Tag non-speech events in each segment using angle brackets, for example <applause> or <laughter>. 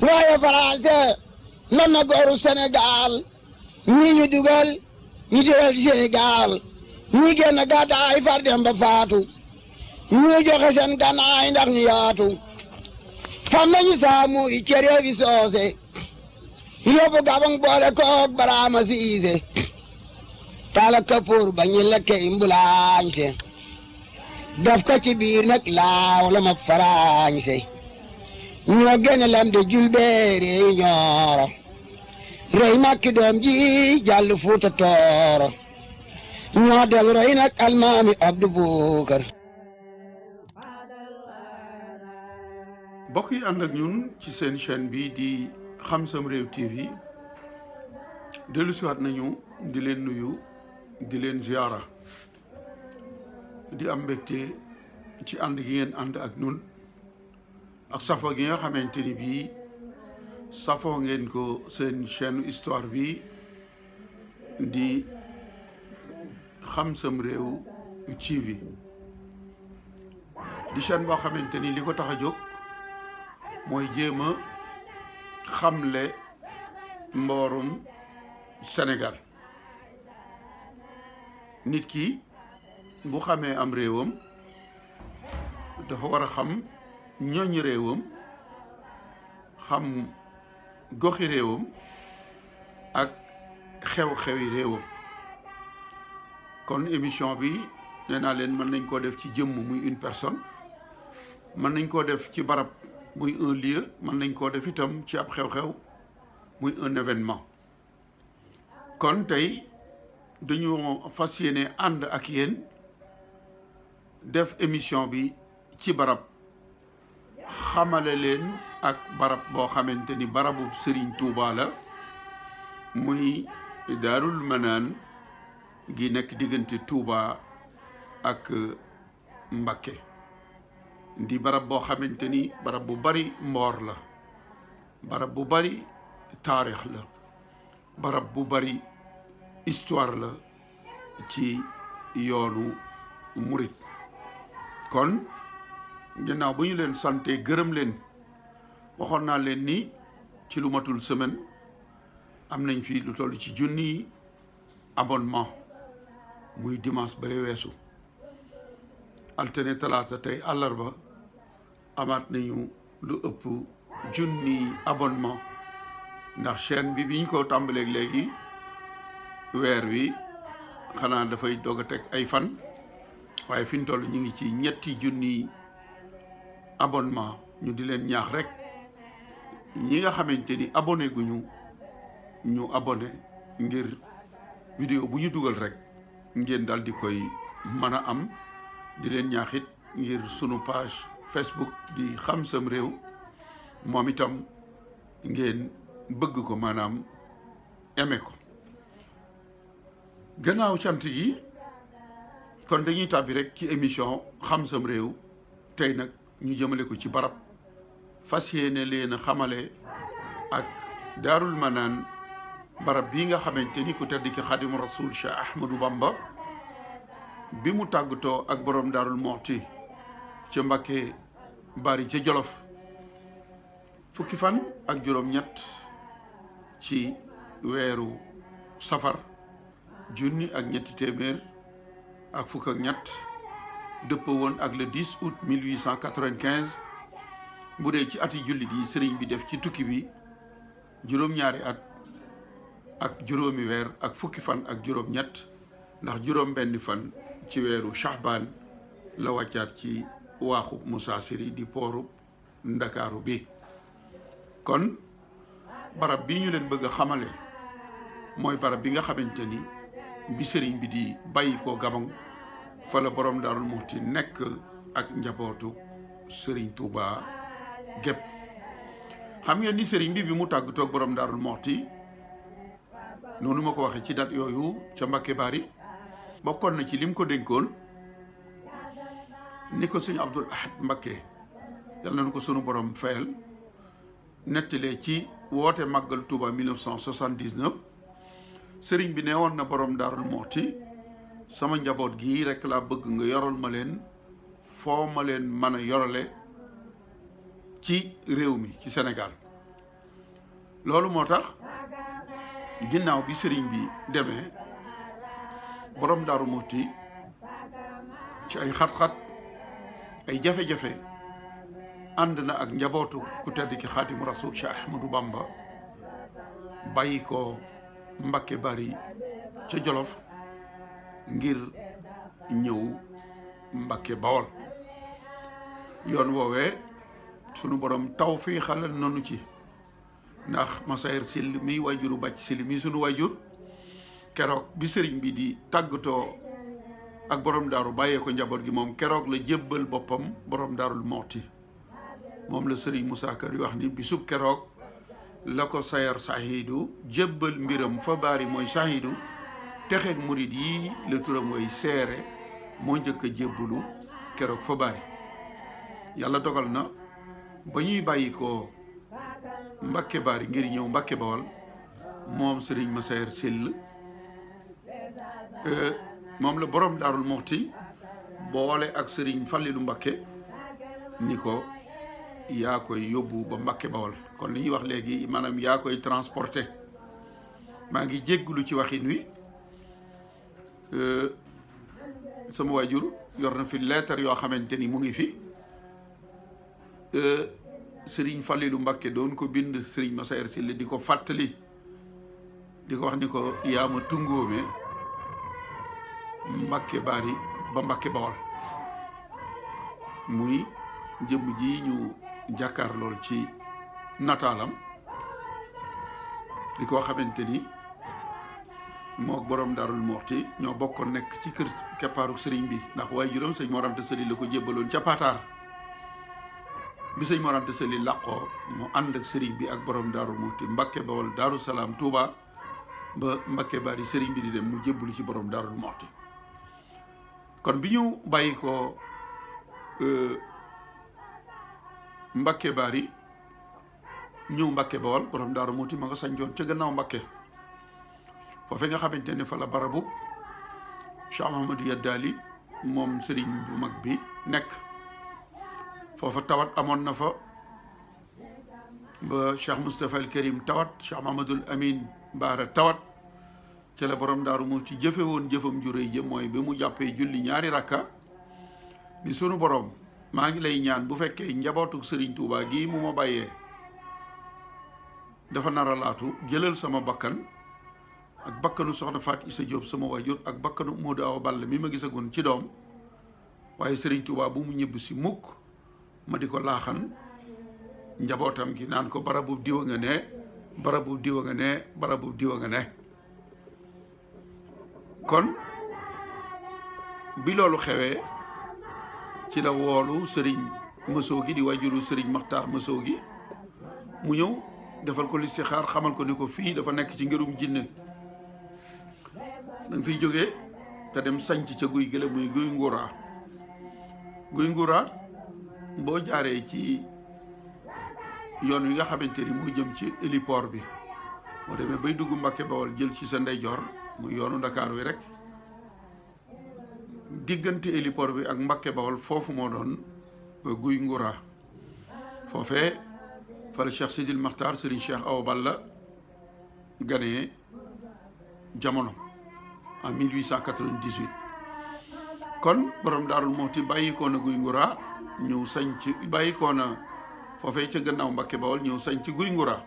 waaye français lan na gooru Sénégal ñii ñu dugal ñu dugal Sénégal ñii génn gàddaay far dem faatu ñu joxe seen gànnaay ndax ñu yaatu fam nañu saamu i cere bi soose yóbbu gabang boole koog baraama siise tala kapoor ba ñu lekke imbulaañse daf ko ci biir nag laaw la ma faraañse ñoo gën a lam de doom ji jàll fuuta ñoo del nag almaami abdu buukar mbokk yi ànd ak ñun ci seen bi di xam sam réew tv dellu siwaat nañu di leen nuyu di leen ziara di am mbégte ci ànd gi ngeen ànd ak ñun ak safo gi nga xamante ni bii safoo ngeen ko seen chaîne histoire bi di xam sam réew TV di chaîne boo xamante ni li ko tax a jóg mooy jéem a xamle mboorum senegal nit ki bu xamee am réewam dafa war a xam ñooñ réewam xam goxi réewam ak xew-xewi réewam kon émission bi nee naa leen mën nañ koo def ci jëmm muy une personne mën nañ koo def ci barab muy un lieu mën nañ koo def itam ci ab xew-xew muy un événement kon tey dañu fas yéene ànd ak yéen def émission bi ci barab xamale leen ak barab boo xamante ni barabub Sëriñ Tuuba la muy daarul manaan gi nekk diggante Tuuba ak Mbakke di barab boo xamante ni barab bu bari mboor la barab bu bari taarix la barab bu bari histoire la ci yoonu murit kon ginnaaw bu ñu leen sante gërëm leen waxoon naa leen ni ci lu matul semaine am nañ fii lu toll ci junni abonnement muy dimanche bare weesu altine talaata tey àllarba amaat nañu lu ëpp junni abonnement ndax chaîne bi bi ñu ko tàmbaleeg léegi weer wi xanaa dafay doog a teg ay fan waaye fi ñu toll ñu ngi ci ñetti junni abonnement nous di leen ñaax rek ñi nga xamanteni abonné guñu ñu abonné ngir vidéo bu ñu rek ngeen dal di koy mëna am di leen ñaaxit ngir vous page Facebook di Xam Sam Réew ngeen bëgg ko manam aimé ko sommes cant yi kon dañuy tabbi rek ci émission Xam Sam Réew tey ñu jëmale ko ci barab fas yéene leen xamale ak daarul manaan barab bi nga xamante ni ku tedd ki xadimu rasul cheikh Ahmadu bamba bi mu tàggatoo ak borom daarul moxti ca mbakke bari ca jolof fukki fan ak juróom ñett ci weeru safar junni ak ñetti téeméer ak fukk ak ñett dëppoo woon ak le 10 août 1895 bu dee ci ati jullit yi sëriñ bi def ci tukki bi juróom-ñaari at ak juróomi weer ak fukki fan ak juróom-ñett ndax juróom-benni fan ci weeru Shahban la wàccaat ci waaxu waaxub musaasiri di poorub ndakaaru bi kon barab bi ñu leen bëgg a xamale mooy barab bi nga xamante ni bi sëriñ bi di bàyyi ko Gabon fa la borom Daaru Muxti nekk ak njabootu sëriñ Touba gépp xam ngeen ni sëriñ bi bi mu tàggatoo ak borom Daaru Muxti noonu ma ko waxee ci dat yooyu ca Mbakke Bari bokkoon na ci lim ko dénkoon ni ko sëñ Abdul Ahad Mbakke yàlla nañu ko sunu borom fayal nettalee ci woote màggal Touba 1979 Serigne bi ne woon na borom Daaru Muxti. sama njaboot gi rekk laa bëgg nga yoral ma leen foo ma leen mën a yorale ci réew mi ci senegal loolu moo tax ginnaaw bi sëriñ bi demee boroom Daaru muuti ci ay xat-xat ay jafe-jafe ànd na ak njabootu ku tedd ki xaatimu rasul Cheikh Ahmadou Bamba bàyyi ko Mbakke Bari ca Jolof ngir ñëw Mbàkke Bawol yoon woowee sunu borom taw fii xalal nonu ci ndax Massaer Syll mi wajuru bàcc Syll sunu wajur keroog bi sëriñ bi di tàggatoo ak borom daaru bàyyee ko njaboot gi moom keroog la jëbbal boppam borom daarul mooti moom la sëriñ Moussa Kar yi wax ni bisub keroog la ko sayar sahidu jébbal mbiram fa baari mooy sahidu texeeg murit yi la turam mooy seere moo njëkk jébbulu keroog fa bari yàlla dogal na ba ñuy bàyyi ko Mbàkke Bari ngir ñëw Mbàkke Bawol moom sëriñ Massaer Syll euh, moom la borom Daarul Muxti boole ak sëriñ Fallilu Mbàkke ni ko yaa koy yóbbu ba Mbàkke Bawol kon li ñuy wax léegi maanaam yaa koy transporté maa ngi jégglu ci waxin wi Euh, sama waajur yor na fi leetar yoo xamante ni mu ngi fi euh, sëriñ Fallilou Mbakke doon ko bind sëriñ Massaer Sylla di ko fàttali di ko wax ni ko yaa ma tungoome Mbakke Bari ba Mbakke Bawol muy jëmm ji ñu jàkkaar lool ci nataalam di ko xamante ni mook borom darul moxti ñoo bokkoon nekk ci kër keppaaru sëriñ bi ndax waaye juróom sëñ Mor Anta Sali la ko jébbaloon ca Pataar bi sëñ Mor Anta Sali làqoo mu ànd ak sëriñ bi ak borom daarul moxti Mbàkke Bawol Daaru Salaam Touba ba Mbàkke Bari sëriñ bi di dem mu jébbalu ci borom daarul moxti kon bi ñu bàyyi ko euh, Mbàkke Bari ñëw Mbàkke Bawol borom daaru moxti ma ko joon ca gannaaw Mbàkke foofe nga xamante ne fa la barabu Cheikh Mouhamadou Yaddaali moom sëriñ bu mag bi nekk foofa tawat amoon na fa ba Cheikh Moustapha al Karim tawat Cheikh Mouhamadoul Amine Baara tawat ci la borom mu ci jëfe woon jëfam ju rëy mooy bi mu jàppee julli ñaari rakka ni sunu borom maa ngi lay ñaan bu fekkee njabootu sëriñ Touba gi mu ma bàyyee dafa naralaatu a jëlal sama bakkan ak bakkanu soxna faat isa Diop sama waajur ak bakkanu Modou Awa Balla mi ma gisagoon ci doom waaye Serigne Touba bu mu ñëbb si mukk ma di ko laaxan gi naan ko barabu nga ne barabu nga ne barabu nga ne kon bi loolu xewee ci la woolu Serigne gi di waajuru Serigne Makhtar Massoo gi mu ñëw defal ko listixaar xamal ko ni ko dafa ci jinne danga nga fiy jógee te dem sanc ca guy gële muy guy nguraa guy nguraa boo jaaree ci yoon wi nga xamante ni moo jëm ci héliport bi boo demee bay dugg Mbàkke Bawol jël ci sa ndeyjoor muy yoonu Ndakaar wi rek diggante héliport bi ak Mbàkke Bawol foofu moo doon guy nguuraa foofee fala Cheikh Sidil Maxtaar Serigne Cheikh Awa Balla ganee jamono en 1898 kon borom daarul moo bàyyi ko na guy nguraa ñëw sañc bàyyikoona bàyyi ko na foofee ca gannaaw Mbàkke Bawol ñëw sañ ci guy nguraa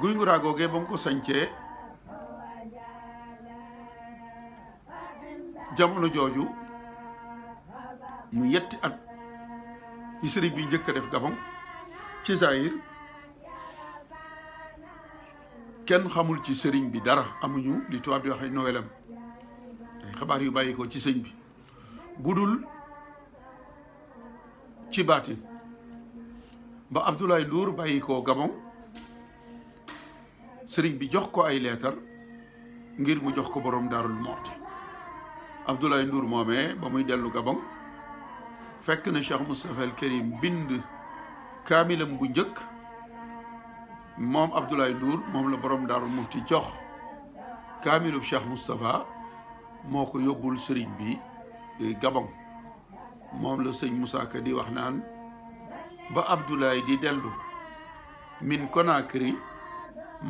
guy nguraa googee ba mu ko sañcee jamono jooju mu yetti at yi sëriñ bi njëkk a def gabon ci Zaïre kenn xamul ci sëriñ bi dara amuñu li tubaab di wax ay nowelam xabaar yu bàyyi ci sëñ bi bu dul ci baatin ba Abdoulaye Ndour bàyyi ko sëriñ bi jox ko ay leetar ngir mu jox ko borom Daarul Muxti Abdoulaye Ndour moomee ba muy dellu Gabon fekk na Cheikh Moustapha El bind kaamilam bu njëkk moom Abdoulaye Ndour moom la borom Daaru Mufti jox kaamilub Cheikh Moustapha moo ko yóbbul sëriñ bi Gabon moom la sëñ Moussa Ka di wax naan ba Abdoulaye di dellu min Conakry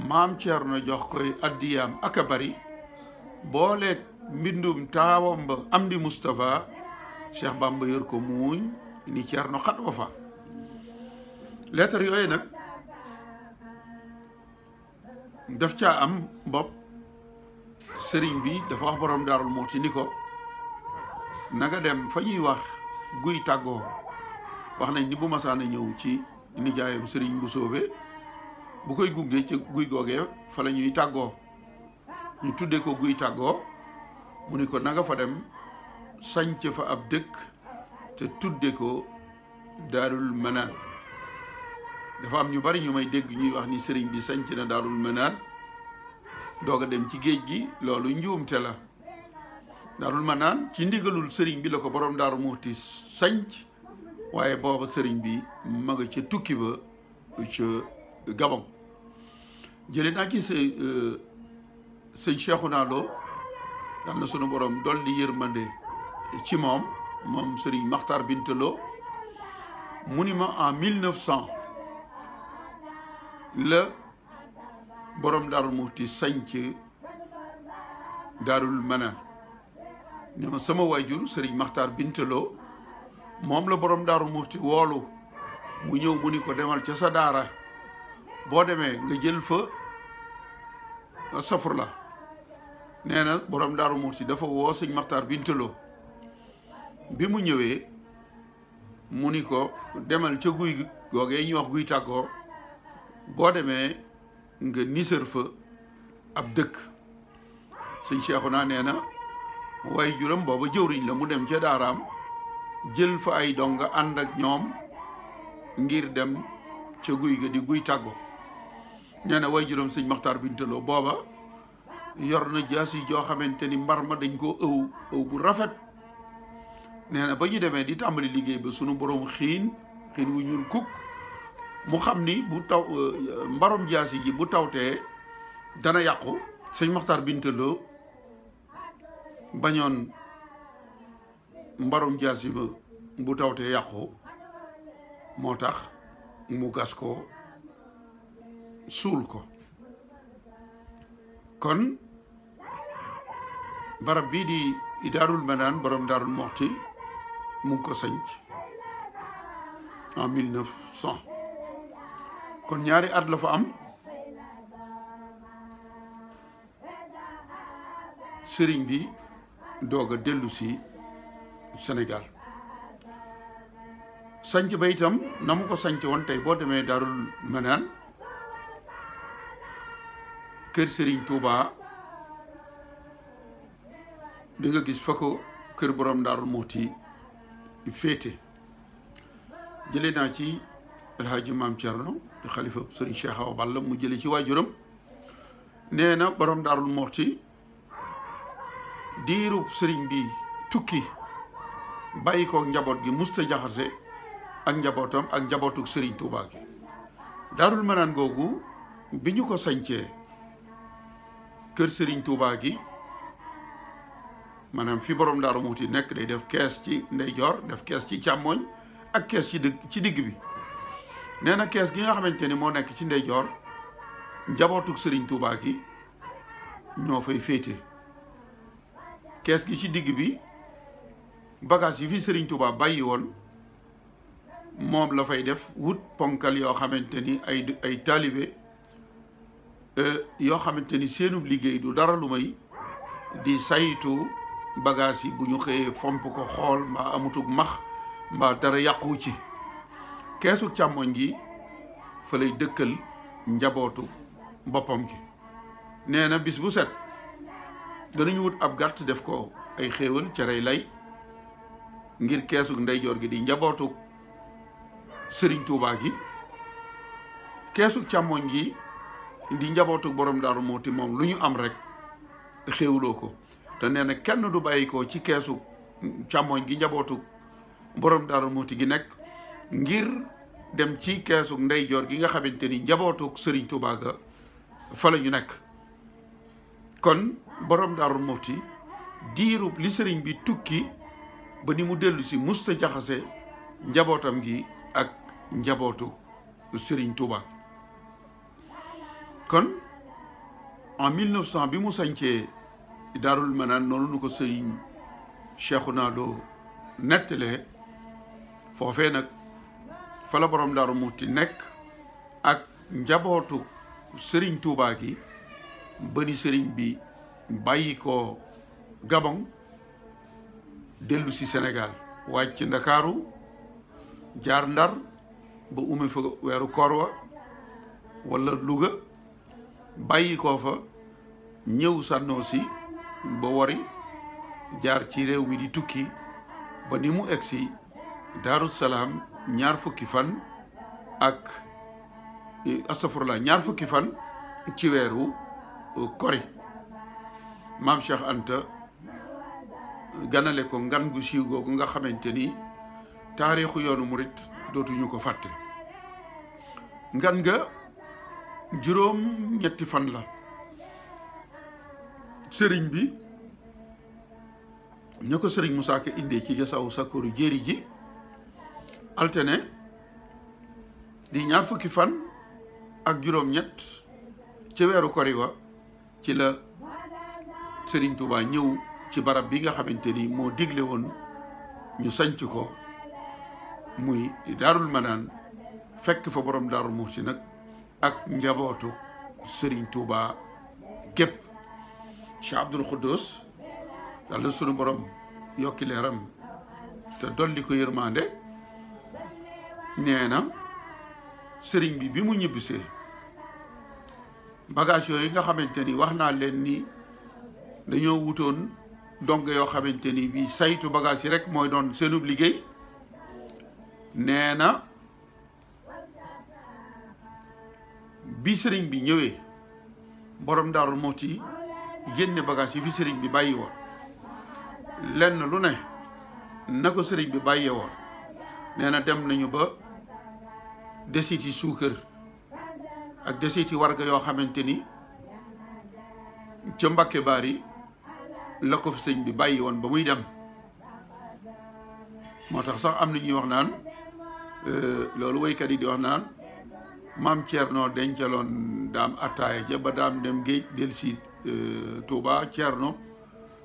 maam Thierno jox koy addiyaam ak a bari booleeg mbindum taawam ba am di Moustapha Cheikh Bamba yor ko muuñ ni Thierno xat wa fa lettre yooyu nag daf caa am bopp sëriñ bi dafa wax borom daarul Muhti ni ko nanga dem fa ñuy wax guy tàggoo wax nañ ni bu masaana ñëw ci nijaayam sëriñ bu soobe bu koy gunge ci guy googee fa la ñuy tàggoo ñu tuddee ko guy tàggoo mu ni ko nanga nga fa dem sanc fa ab dëkk te tuddee ko daarul manaan dafa am ñu bari ñu may dégg ñuy wax ni sëriñ bi sanc na daarul manaan doog dem ci géej gi loolu njuumte la daarul manaan ci ndigalul sëriñ bi la ko borom daaru muxti sanc waaye booba sëriñ bi mag nga ca tukki ba ca Gabon jëlee naa ci sa euh, sëñ Cheikhouna Lo yàlla na sunu borom dolli yërmande ci moom moom sëriñ Makhtar Bintaloo mu ni ma en 1900. la borom daarul muxti sanc daarul manaan ne ma sama waajur sëriñ maxtaar bintaloo moom la borom daarul muxti woolu mu ñëw mu ni ko demal ca sa daara boo demee nga jël fa safur la nee na borom daaru muxti dafa woo sëñ maxtaar bintaloo bi mu ñëwee mu ni ko demal ca guy googee ñu wax guy tàggoo boo demee nga nisër fa ab dëkk sëñ naa nee na waaye juróom booba jëwriñ la mu dem ca daaraam jël fa ay donga ànd ak ñoom ngir dem ca guy ga di guy tàggo nee na way juróom sëñ Maxtaar Bintaloo booba yor na jaas yi joo xamante ni mbar ma dañ koo ëw ëw bu rafet nee na ba ñu demee di tàmbali liggéey ba sunu borom xiin xiin wu ñuul kukk mu xam ni bu taw euh, mbarom jaasi ji bu tawtee dana yàqu sëñ Maxtaar Binta Lo bañoon mbarom jaasi ba bu tawte yàqu moo tax mu gas ko suul ko kon barab bii di daarul manaan borom daarul moxti mu ko sanc en kon ñaari at la fa am sëriñ bi doog a dellu si Sénégal sanc ba itam na mu ko sanc woon tey boo demee Daarul Manaan kër sëriñ Touba di nga gis fa ko kër borom Daarul Muhti féete jëlee naa ci alhaaji maam Thierno di xalifa sëriñ Cheikh Awa mu jële ci waajuram nee na borom daarul morti diirub sëriñ bi tukki bàyyi ko njaboot gi musta jaxase ak njabootam ak njabootuk sëriñ Touba gi daarul manaan googu bi ñu ko sañcee kër sëriñ Touba gi maanaam fi borom daaru muuti nekk day def kees ci ndeyjoor def kees ci càmmooñ ak kees ci digg ci digg bi nee na kees gi nga xamante ni moo nekk ci ndeyjoor njabootug sëriñ Touba gi ñoo fay féete kees gi ci digg bi bagage yi fi sëriñ Touba bàyyi woon moom la fay def wut ponkal yoo xamante ni ay ay e, yoo xamante ni seenub liggéey du dara lu may di saytu bagage yi bu ñu xëyee fomp ko xool mbaa amutug max mbaa dara yàquwu ci keesu càmmoñ gi fa lay dëkkal njabootu boppam gi nee na bis bu set danañu wut ab gàtt def ko ay xéewal cerey lay ngir keesug ndeyjoor gi di njabootu sëriñ Tuubaa gi keesug càmmoñ gi di njabootu borom daaru mooti moom lu ñu am rekk xéewloo ko te nee na kenn du bàyyi ko ci keesu càmmoñ gi njabootu borom daaru mooti gi nekk ngir dem ci keesug ndeyjoor gi nga xamante ni njabootug sëriñ Touba ga fa la nekk kon boroom Daaru Muxti diirub li sëriñ bi tukki ba ni mu dellu si musta jaxase njabootam gi ak njabootu sëriñ Touba kon en 1900 bi mu sañcee Daarul Manaan noonu nu ko sëriñ naa Lo nettalee foofe nag fa la borom Daaru Muxti nekk ak njabootu sëriñ Tuubaa gi bëni sëriñ bi bàyyikoo ko Gabon dellu ci Sénégal wàcc Ndakaaru jaar Ndar ba ume fa weeru koor wa wala Louga bàyyi fa ñëw sànnoo si ba wari jaar ci réew mi di tukki ba ni mu egsi Daaru ñaar fukki fan ak astafurlah ñaar fukki fan ci weeru kori maam Cheikh Anta ganale ko ngan gu siiw googu nga xamante ni taarixu yoonu murit dootuñu ko fàtte ngan ga juróom ñetti fan la sëriñ bi ña ko sëriñ Musaa Ka indee ci gasaawu sakkooru jéeri ji altine di ñaar fukki fan ak juróom-ñett ci weeru kori wa ci la sëriñ Touba ñëw ci barab bi nga xamante ni moo digle woon ñu sanc ko muy daarul manaan fekk fa borom daarul muxti nag ak njabootu sëriñ Touba gépp Cheikh Abdoul Khoudous yàlla sunu boroom yokki leeram te dolli ko yërmande nee na sëriñ bi bi mu ñibbisee bagage yooyu nga xamante ni wax naa leen ni dañoo wutoon donc yoo xamante ni bii saytu bagaas yi rek mooy doon seenub liggéey nee na bi sëriñ bi ñëwee borom daaru Moti génne bagage yi fi sëriñ bi bàyyi woon lenn lu ne na ko sëriñ bi bàyyee woon nee dem nañu ba desiti suukar ak desiti warga yoo xamante ni ca Mbàkke Baari la ko sëñ bi bàyyi woon ba muy dem moo tax sax am na ñuy wax naan euh, loolu woykat yi di wax naan maam Thierno dencaloon daam attaaya ja ba daam dem géej del si euh, Touba Thierno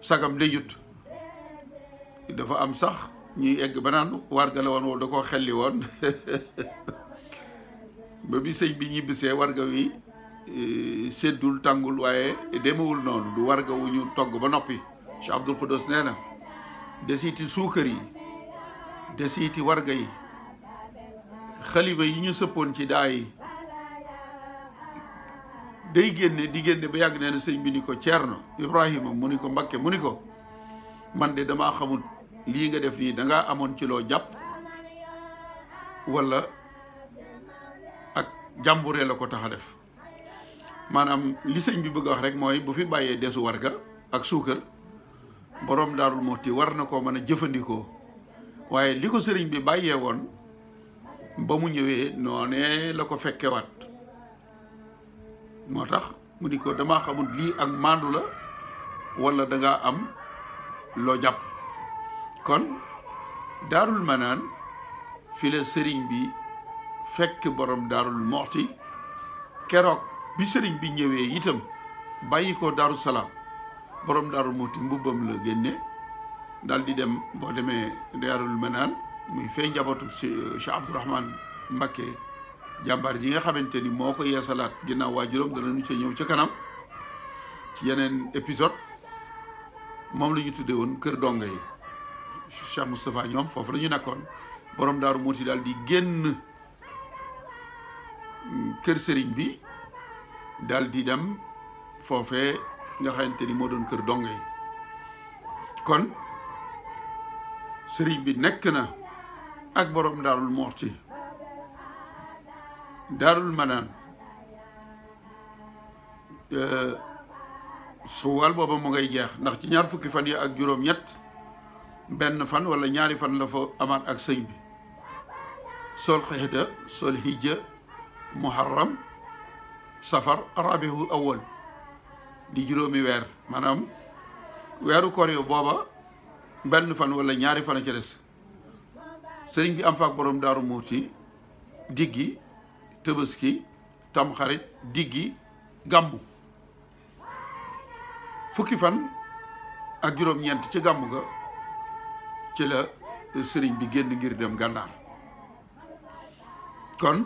sagam dejut dafa am sax ñuy egg ba naan warga la woon woo da koo xelli woon <laughs> ba bi sëñ bi ñibbisee warga wi e, seddul tàngul waaye demewul noonu du warga wu ñu togg ba noppi Cheikh Abdoul Khoudous nee na desiiti suukar yi desiiti warga yi xalima yi ñu sëppoon ci daa yi day génne di génne ba yàgg nee na sëñ bi ni ko Ceerno Ibrahima mu ni ko Mbakke mu ni ko man de dama xamul lii nga def nii danga amoon ci loo jàpp wala jàmburee la ko tax a def maanaam li sëñ bi bëgg a wax rek mooy bu fi bàyyee desu warga ak suukar boroom daarul moxti war na koo mën a jëfandikoo waaye li ko sëriñ bi bàyyee woon ba mu ñëwee noonee la ko fekkewaat moo tax mu ni ko dama xamul lii ak maandu la walla dangaa am loo jàpp kon daarul manaan fi sëriñ bi fekk borom daarul moxti keroog bi sëriñ bi ñëwee itam bàyyi ko daaru boroom borom daarul moxti mbubbam la génne dal di dem boo demee daarul manaan muy fay njabootu eh, Cheikh Abdourahman Mbacké jàmbaar ji nga xamante ni moo ko yeesalaat ginnaaw waajuram danañu ca ñëw ca kanam ci yeneen épisode moom la ñu tuddee woon kër dongo yi Cheikh Moustapha ñoom foofu la ñu nekkoon borom daaru mooti daal di génn kër sëriñ bi dal di dem foofee nga xamante ni moo doon kër donge kon sëriñ bi nekk na ak borom daarul darul daarul manaan suwal booba mu ngay jeex ndax ci ñaar fukki fan yi ak juróom ñett benn fan wala ñaari fan la fa ak sëñ bi sol xeeta sol hijja muharram safar rabiul awal di juróomi weer maanaam weeru koor yu booba benn fan wala ñaari fan a ca des sëriñ bi am faak borom daaru muuti diggi tëbaski tamxarit diggi gàmmu fukki fan ak juróom-ñeent ci gàmmu ga ci la sëriñ bi génn ngir dem gànnaar kon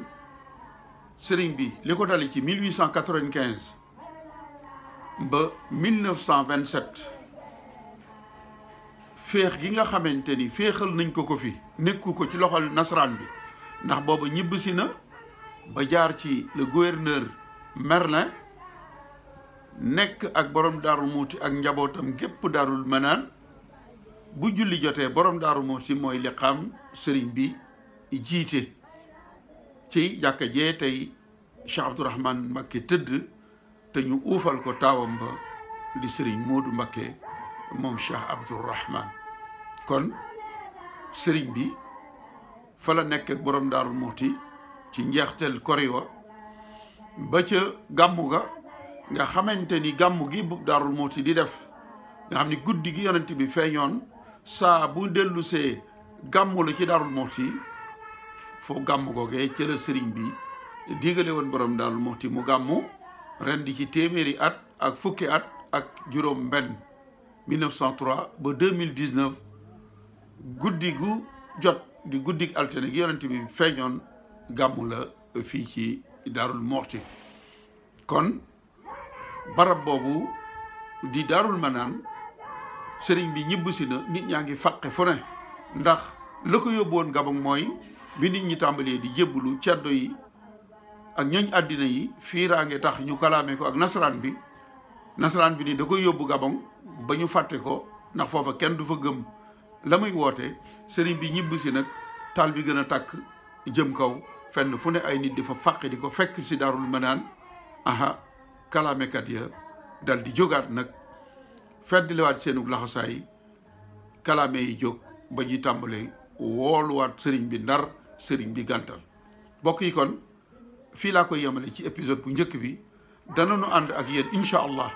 sëriñ bi li ko dale ci 1895 ba 1927 féex gi nga xamante ni féexal nañ ko ko fi nekku ko ci loxol nasaraan bi ndax booba ñibbisi na ba jaar ci le gouverneur Merlin nekk ak boroom daaru muuti ak njabootam gépp daarul manaan bu julli jotee borom daaru muuti mooy liqaam sëriñ bi jiite ci jàkka jee tey Cheikh Abdourahmane Mbacké tëdd te ñu uufal ko taawam ba di Serigne Modou Mbacké moom Cheikh Abdourahmane kon sëriñ bi fa la nekk borom daarul Muxti ci njeexteel kori wa ba ca gàmmu ga nga xamante ni gàmmu gi bu Daaru Muxti di def nga xam ni guddi gi yonent bi feeñoon saa bu dellusee gàmmu la ci Daaru Muxti foo gàmm googee ci la sëriñ bi digale woon borom daal Muxti mu gàmmu ren di ci téeméeri at ak fukki at ak juróom benn 1903 ba 2019 guddi gu jot di guddik altine gi yonent bi feeñoon gàmmu la fii ci daarul Muxti kon barab boobu di daarul manaan sëriñ bi ñibbisi na nit ñaa ngi fàqe fu ne ndax la ko yóbbu woon Gabon mooy bi nit ñi tàmbalee di jébbalu ceddo yi ak ñoñ àddina yi fiiraange tax ñu kalaame ko ak nasaraan bi nasaraan bi ni da koy yóbbu Gabon ba ñu fàtte ko ndax foofa kenn du fa gëm la muy woote sëriñ bi ñibb si nag taal bi gën a takk jëm kaw fenn fu ne ay nit di fa fàq di ko fekk si daarul manaan aha kalaamekat ya dal di jógaat nag feddliwaat seenug laxasaay kalaame yi jóg ba ñu tàmbalee wooluwaat sëriñ bi ndar sëriñ bi gàntal bokk yi kon fii laa koy yemale ci épisode bu njëkk bi nu ànd ak yéen incha allah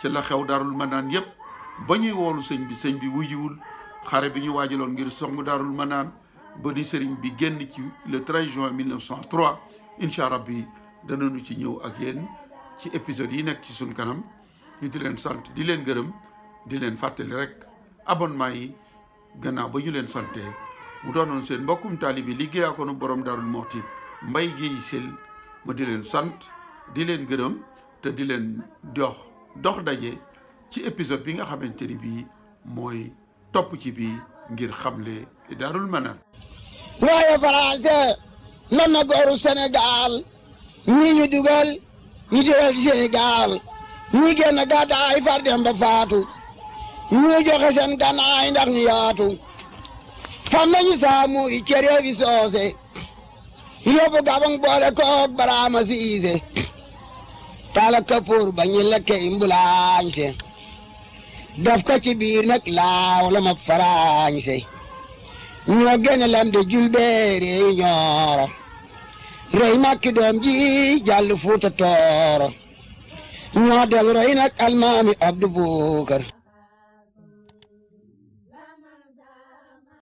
ci la xew daarul manaan yépp ba ñuy woolu sëñ bi sëñ bi wujiwul xare bi ñu waajaloon ngir song daarul manaan ba ni sëriñ bi génn ci le 13 juin 1903 incha rabbi danañu ci ñëw ak yéen ci épisode yi nekk ci suñ kanam ñu di leen sant di leen gërëm di leen fàttali rek abonnement yi gannaaw ba ñu leen sante mu doonoon seen mbokkum taalibi liggéeyaa ko nu borom Darou Mouhty Mbaye Guèye Syll ma di leen sant di leen gërëm te di leen dox dox daje ci épisode bi nga xamante ni bi mooy topp ci bi ngir xamle darul Manaan waaye français lan na gooru Sénégal ñi ñu dugal ñu dugal ci Sénégal ñi génn gàddaay far dem ba faatu ñu joxe seen gànnaay ndax ñu yaatu xamnañu saamu i cereefi soose gabang boole koog baraama siise tala ba ñi ke imbulaañse daf ko ci laaw la ma faraañse ñoo gene lam de julbeere yi ñooro rey makki doom ji jàll fuuta tooro ñoo del roy nag almaami abdu buukar